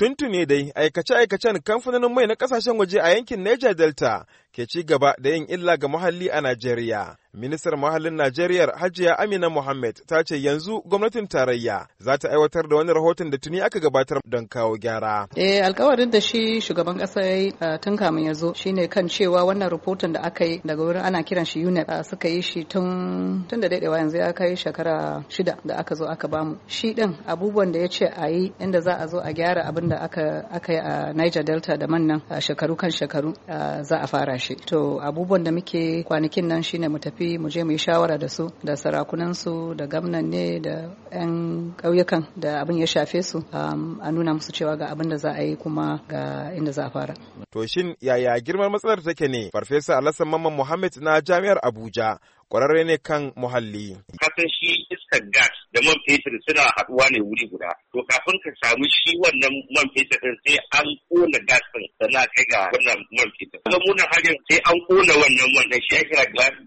Tuntune dai aikace-aikacen kamfanonin mai na kasashen waje a yankin Niger Delta ke ci gaba da yin illa ga muhalli a Najeriya. Ministar muhallin Najeriya Hajiya Amina Mohammed ta ce yanzu gwamnatin tarayya za ta aiwatar da wani rahoton da tuni aka gabatar don kawo gyara. Eh alkawarin da shi shugaban kasa ya yi eh, tun kamin ya zo ne kan cewa wannan rahoton da aka yi daga wurin ana kiran shi UNEP eh, suka yi shi tun tun da daɗewa yanzu ya kai shekara shida da aka zo aka bamu. Shi din abubuwan da ya ce a yi inda za a zo a gyara abin da aka yi a Niger Delta da man nan eh, shekaru kan shekaru za a fara shi to abubuwan da muke kwanakin nan shine mu tafi mu je mu yi shawara da su da sarakunan su da gamnan ne da yan ƙauyukan da abin ya shafe su um, a nuna musu cewa ga abin da za a yi kuma ga inda za a fara to shin yaya girman matsalar take ne farfesa alassan mamman muhammad na jami'ar abuja kwararre ne kan muhalli. Kafin shi iskar gas da man fetur suna haɗuwa ne wuri guda. To kafin ka samu shi wannan man fetur ɗin sai an ƙona gas ɗin na kai ga wannan man fitar. Kuma munan hajjin sai an kona wannan man da shi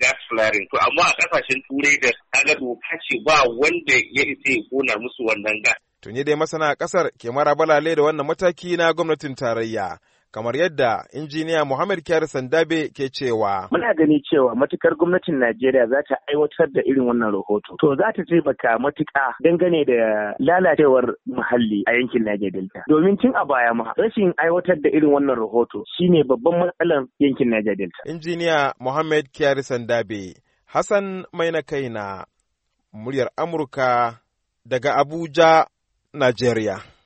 gas flaring. To amma a kasashen turai da kaga doka ce ba wanda ya isa ya kona musu wannan gas. Tuni dai masana a kasar ke mara balale da wannan mataki na gwamnatin tarayya. kamar yadda injiniya Muhammad Kiyar Sandabe ke cewa. Muna gani cewa matukar gwamnatin Najeriya za ta aiwatar da irin wannan rahoto. To za ta taimaka matuka dangane da lalacewar muhalli a yankin Niger Delta. Domin tun a baya ma rashin aiwatar da irin wannan rahoto shine babban matsalar yankin Niger Delta. Injiniya Muhammad Kiyar Sandabe, Hassan Maina na muryar Amurka daga Abuja, Najeriya.